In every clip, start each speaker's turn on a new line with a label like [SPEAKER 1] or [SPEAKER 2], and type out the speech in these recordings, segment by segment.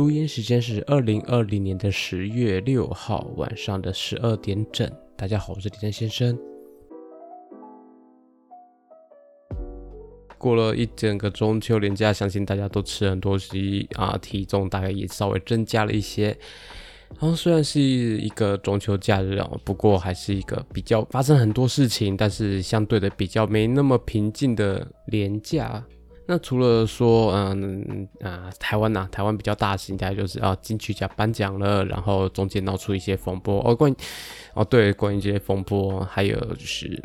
[SPEAKER 1] 錄音時間是二零二零年的十月六號晚上的十二點整。大家好，我是點讚先生。過了一整個中秋連假，相信大家都吃很多席啊，體重大概也稍微增加了一些。然後雖然是一個中秋假日哦，不過還是一個比較發生很多事情，但是相對的比較沒那麼平靜的連假。那除了說，嗯啊，台灣吶、啊，台灣比較大的事情，大概就是啊金曲獎頒獎了，然後中間鬧出一些風波。哦，關，哦對，關於這些風波，還有就是，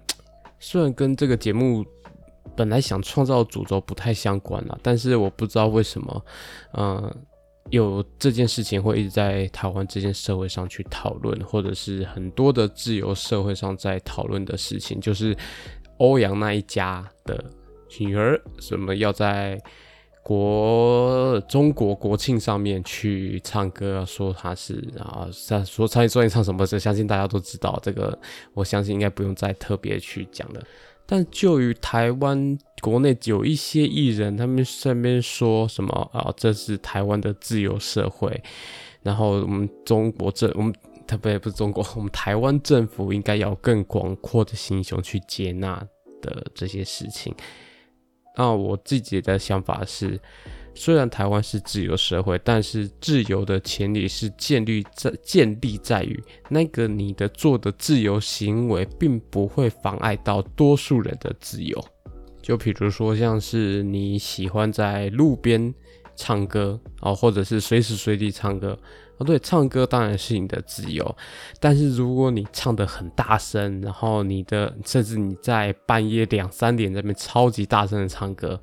[SPEAKER 1] 雖然跟這個節目本來想創造的主軸不太相關了，但是我不知道為什麼，嗯，有這件事情會一直在台灣這件社會上去討論，或者是很多的自由社會上在討論的事情，就是歐陽那一家的。女兒什麼要在國中國國慶上面去唱歌？說他是，然後說唱唱唱什麼？這相信大家都知道。這個我相信應該不用再特別去講了。但就於台灣國內有一些藝人，他們身邊說什麼啊？這是台灣的自由社會，然後我們中國政，我們特別不是中國，我們台灣政府應該要更廣闊的心胸去接納的這些事情。那、啊、我自己的想法是，雖然台灣是自由社會，但是自由的前提是建立在建立在於那個你的做的自由行為並不會妨礙到多數人的自由。就比如說，像是你喜歡在路邊。唱歌啊、哦，或者是隨時隨地唱歌啊、哦，對，唱歌當然是你的自由。但是如果你唱得很大聲，然後你的甚至你在半夜兩三點在那邊超級大聲的唱歌，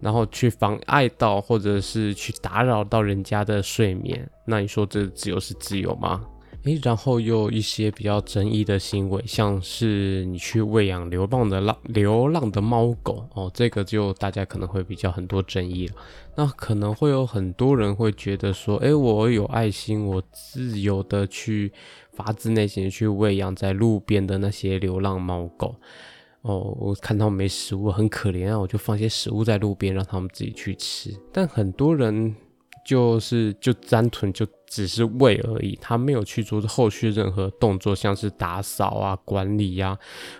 [SPEAKER 1] 然後去妨礙到或者是去打擾到人家的睡眠，那你說這個自由是自由嗎？誒，然後又有一些比較爭議的行為，像是你去餵養流浪的浪流浪的貓狗哦，這個就大家可能會比較很多爭議了。那可能會有很多人會覺得說，誒，我有愛心，我自由的去發自內心的去餵養在路邊的那些流浪貓狗哦，我看他們沒食物很可憐啊，我就放些食物在路邊讓他們自己去吃。但很多人就是就單純就。只是喂而已，他沒有去做後續任何動作，像是打掃啊、管理啊，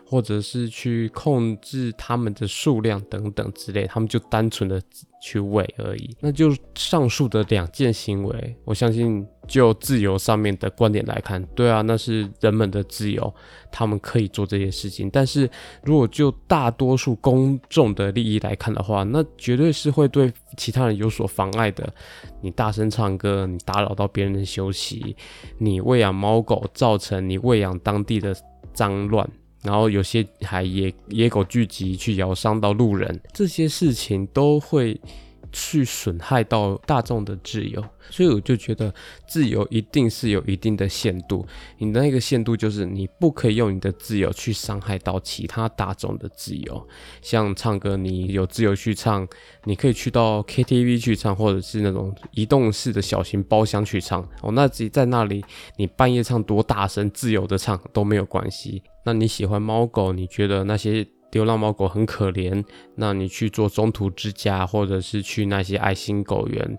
[SPEAKER 1] 或者是去控制他們的數量等等之類，他們就單純的去喂而已。那就上述的兩件行為，我相信就自由上面的觀點來看，對啊，那是人們的自由，他們可以做這些事情。但是如果就大多數公眾的利益來看的話，那絕對是會對其他人有所妨礙的。你大聲唱歌，你打擾到別人。別人休息，你餵養貓狗，造成你餵養當地的髒亂，然後有些還野野狗聚集去咬傷到路人，這些事情都會，去損害到大眾的自由，所以我就覺得自由一定是有一定的限度，你的那個限度就是你不可以用你的自由去傷害到其他大眾的自由。像唱歌，你有自由去唱，你可以去到 KTV 去唱，或者是那種移動式的小型包廂去唱。哦，那自己在那裡，你半夜唱多大聲，自由的唱都沒有關係。那你喜歡貓狗，你覺得那些？流浪貓狗很可憐，那你去做中途之家，或者是去那些愛心狗園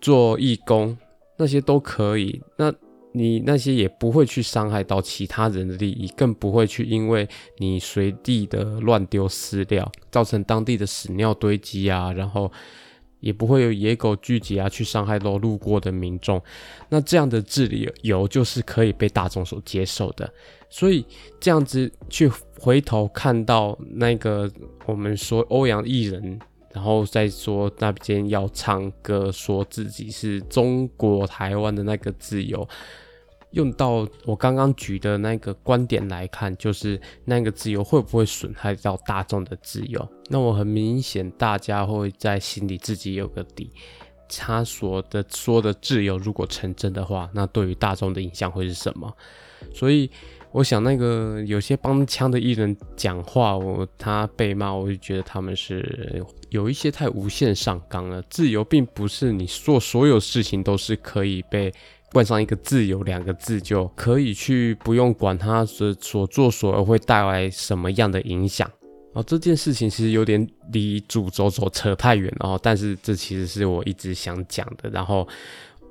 [SPEAKER 1] 做義工，那些都可以。那你那些也不會去傷害到其他人的利益，更不會去因為你隨地的亂丟飼料，造成當地的屎尿堆積啊，然後。也不會有野狗聚集啊，去傷害到路過的民眾。那這樣的自由就是可以被大眾所接受的。所以這樣子去回頭看到那個，我們說歐陽藝人，然後再說那邊要唱歌，說自己是中國台灣的那個自由。用到我剛剛舉的那個觀點來看，就是那個自由會不會損害到大眾的自由？那我很明顯，大家會在心裡自己有個底。他所的說的自由，如果成真的話，那對於大眾的影響會是什麼？所以，我想那個有些幫腔的藝人講話，我他被罵，我就覺得他們是有一些太無限上綱了。自由並不是你做所有事情都是可以被。冠上一個自由兩個字，就可以去不用管他所做所作所為會帶來什麼樣的影響。啊、哦，這件事情其實有點離主軸軸扯太遠了、哦、但是這其實是我一直想講的。然後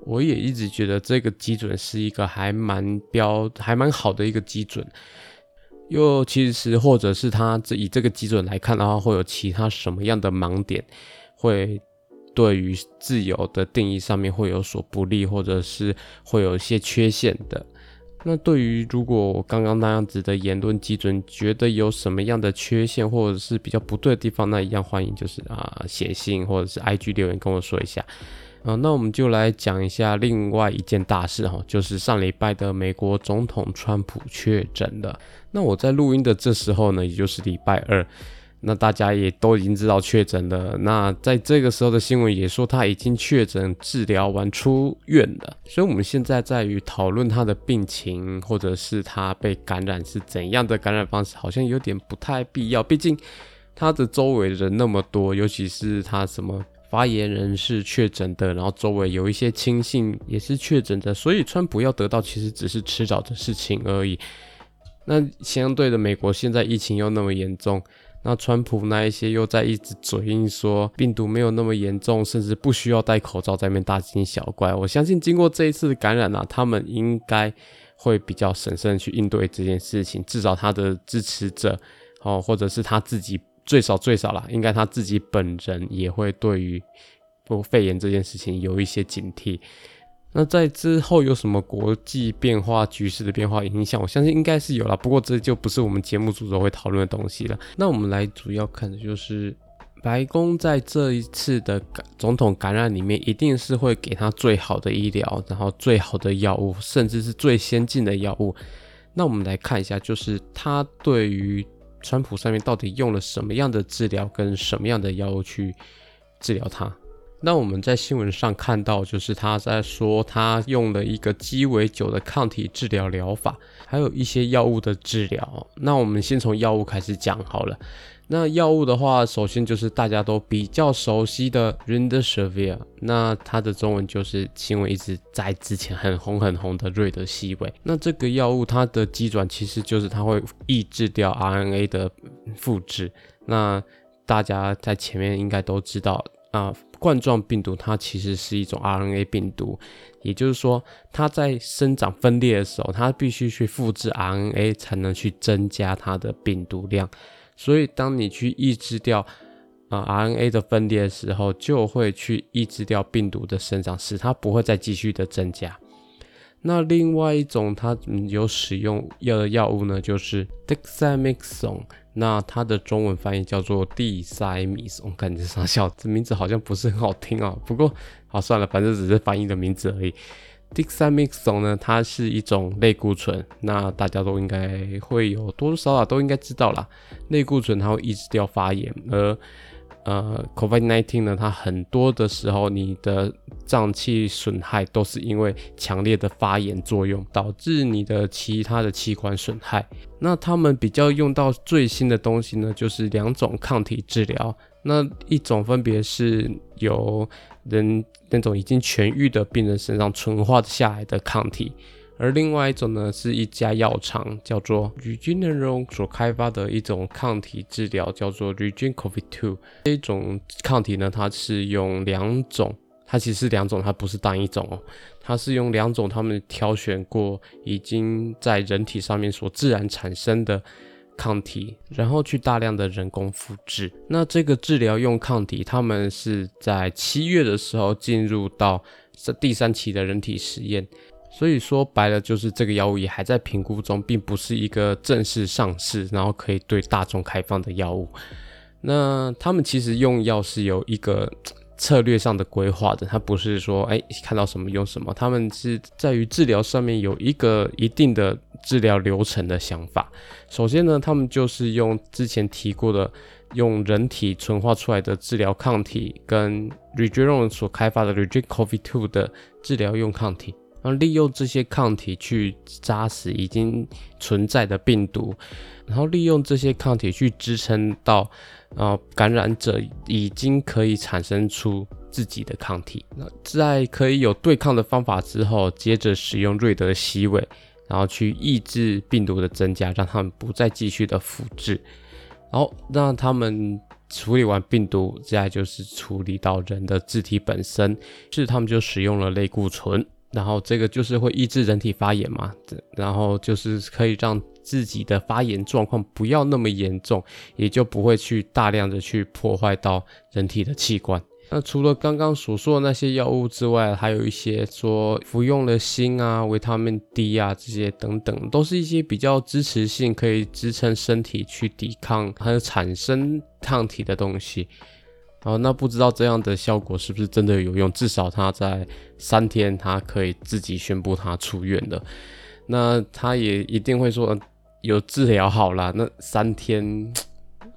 [SPEAKER 1] 我也一直覺得這個基準是一個還蠻標還蠻好的一個基準，又其實或者是他以這個基準來看的話，會有其他什麼樣的盲點會？對於自由的定義上面會有所不利，或者是會有一些缺陷的。那對於如果我剛剛那樣子的言論基準，覺得有什麼樣的缺陷，或者是比較不對的地方，那一樣歡迎就是啊寫信或者是 IG 留言跟我說一下。那我們就來講一下另外一件大事哈、哦，就是上禮拜的美國總統川普確診了。那我在錄音的這時候呢，也就是禮拜二。那大家也都已經知道確診了。那在這個時候的新聞也說他已經確診、治療完出院了。所以我們現在在於討論他的病情，或者是他被感染是怎樣的感染方式，好像有點不太必要。畢竟他的周圍人那麼多，尤其是他什麼發言人是確診的，然後周圍有一些親信也是確診的，所以川普要得到其實只是遲早的事情而已。那相對的，美國現在疫情又那麼嚴重。那川普那一些又在一直嘴硬說病毒沒有那麼嚴重，甚至不需要戴口罩，在那邊大驚小怪。我相信經過這一次的感染呢、啊，他們應該會比較審慎去應對這件事情。至少他的支持者，哦，或者是他自己，最少最少啦，應該他自己本人也會對於不肺炎這件事情有一些警惕。那在之後有什麼國際變化、局勢的變化的影響？我相信應該是有啦，不過這就不是我們節目組都會討論的東西了。那我們來主要看的就是白宮在這一次的感總統感染裡面，一定是會給他最好的醫療，然後最好的藥物，甚至是最先進的藥物。那我們來看一下，就是他對於川普上面到底用了什麼樣的治療，跟什麼樣的藥物去治療他。那我們在新聞上看到，就是他在說他用了一個雞尾酒的抗體治療療法，還有一些藥物的治療。那我們先從藥物開始講好了。那藥物的話，首先就是大家都比較熟悉的 Remdesivir，那它的中文就是新聞一直在之前很紅很紅的瑞德西韋。那這個藥物它的機轉其實就是它會抑制掉 RNA 的複製。那大家在前面應該都知道啊。冠狀病毒它其實是一種 RNA 病毒，也就是說，它在生長分裂的時候，它必須去複製 RNA 才能去增加它的病毒量。所以，當你去抑制掉啊、呃、RNA 的分裂的時候，就會去抑制掉病毒的生長，使它不會再繼續的增加。那另外一種它有使用藥的藥物呢，就是 dexamethasone，那它的中文翻譯叫做地塞米松。Is, 我感覺傻笑，這名字好像不是很好聽啊。不過好算了，反正只是翻譯的名字而已。dexamethasone 呢，它是一種類固醇。那大家都應該會有多多少少都應該知道啦。類固醇它會抑制掉發炎，而呃，COVID-19 呢，它很多的時候你的臟器損害都是因為強烈的發炎作用，導致你的其他的器官損害。那他們比較用到最新的東西呢，就是兩種抗體治療。那一種分別是由人那種已經痊癒的病人身上純化下來的抗體，而另外一種呢，是一家藥廠叫做 Regeneron 所開發的一種抗體治療，叫做 Regen COVID Two。這種抗體呢，它是用兩種。它其實是兩種，它不是單一種哦，它是用兩種，他們挑選過已經在人體上面所自然產生的抗體，然後去大量的人工複製。那這個治療用抗體，他們是在七月的時候進入到這第三期的人體實驗。所以說白了，就是這個藥物也還在評估中，並不是一個正式上市，然後可以對大眾開放的藥物。那他們其實用藥是有一個。策略上的規劃的，他不是說哎、欸、看到什麼用什麼，他們是在於治療上面有一個一定的治療流程的想法。首先呢，他們就是用之前提過的用人體純化出來的治療抗體，跟 Regeneron 所開發的 REGN-COV2 的治療用抗體。然後利用這些抗體去殺死已經存在的病毒，然後利用這些抗體去支撐到，啊，感染者已經可以產生出自己的抗體。那在可以有對抗的方法之後，接着使用瑞德西韋，然後去抑制病毒的增加，讓他們不再繼續的複製，然後讓他們處理完病毒，再就是處理到人的自體本身，是他們就使用了類固醇。然後這個就是會抑制人體發炎嘛，然後就是可以讓自己的發炎狀況不要那麼嚴重，也就不會去大量的去破壞到人體的器官。那除了剛剛所說的那些藥物之外，還有一些說服用了鋅啊、維他命 D 啊這些等等，都是一些比較支持性，可以支撐身體去抵抗還有產生抗體的東西。好、哦，那不知道這樣的效果是不是真的有用？至少他在三天，他可以自己宣布他出院了。那他也一定會說嗯，有治療好了。那三天，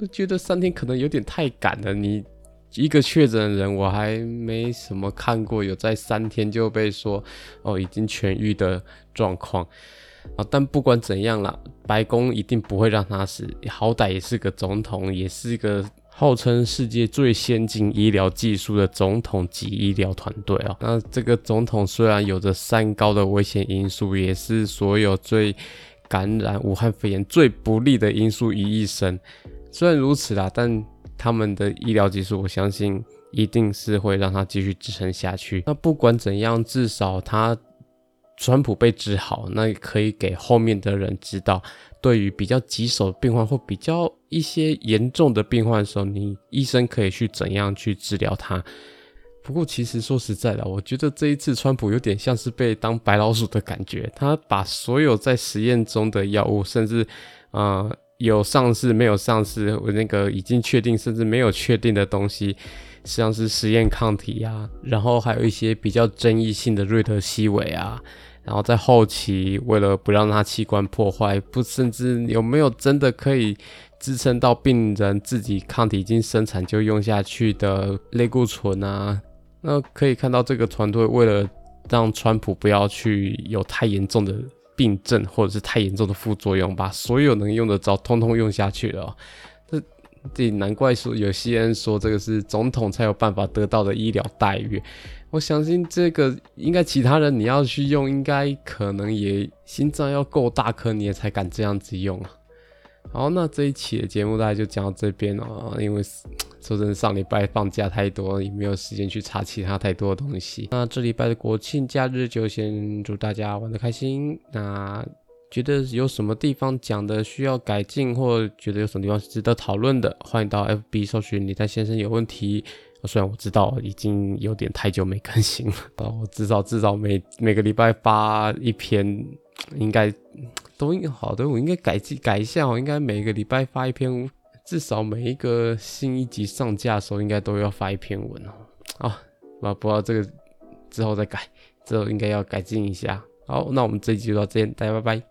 [SPEAKER 1] 我覺得三天可能有點太趕了。你一個確診的人，我還沒什麼看過有在三天就被說哦已經痊癒的狀況。啊、哦，但不管怎樣啦，白宮一定不會讓他死。好歹也是個總統，也是一個。號稱世界最先進醫療技術的總統級醫療團隊哦，那這個總統雖然有着三高的危險因素，也是所有最感染武漢肺炎最不利的因素於一身。雖然如此啦，但他們的醫療技術，我相信一定是會讓他繼續支撐下去。那不管怎樣，至少他。川普被治好，那也可以給後面的人知道，對於比較棘手的病患或比較一些嚴重的病患的時候，你醫生可以去怎樣去治療他。不過其實說實在的，我覺得這一次川普有點像是被當白老鼠的感覺，他把所有在實驗中的藥物，甚至，呃。有上市沒有上市？我那個已經確定，甚至沒有確定的東西，像是實驗抗體啊，然後還有一些比較爭議性的瑞德西韋啊，然後在後期為了不讓它器官破壞，不甚至有沒有真的可以支撐到病人自己抗體已經生產就用下去的類固醇啊？那可以看到這個團隊為了讓川普不要去有太嚴重的。病症或者是太嚴重的副作用，把所有能用的招通通用下去了喔。這這難怪說有些人說這個是總統才有辦法得到的醫療待遇。我相信這個應該其他人你要去用，應該可能也心臟要夠大顆，你也才敢這樣子用啊。好，那這一期的節目大概就講到這邊嘍、喔。因為說真的，上禮拜放假太多，也沒有時間去查其他太多的東西。那這禮拜的國慶假日就先祝大家玩得開心。那覺得有什麼地方講的需要改進，或覺得有什麼地方值得討論的，歡迎到 FB 搜尋李誕先生有問題。雖然我知道已經有點太久沒更新了，我至少至少每每個禮拜發一篇，應該。好的，我應該改進改一下，我應該每個禮拜發一篇，至少每一個新一集上架的時候應該都要發一篇文哦。啊，我要播到這個之後再改，之後應該要改進一下。好，那我們這一集就到這邊，大家拜拜。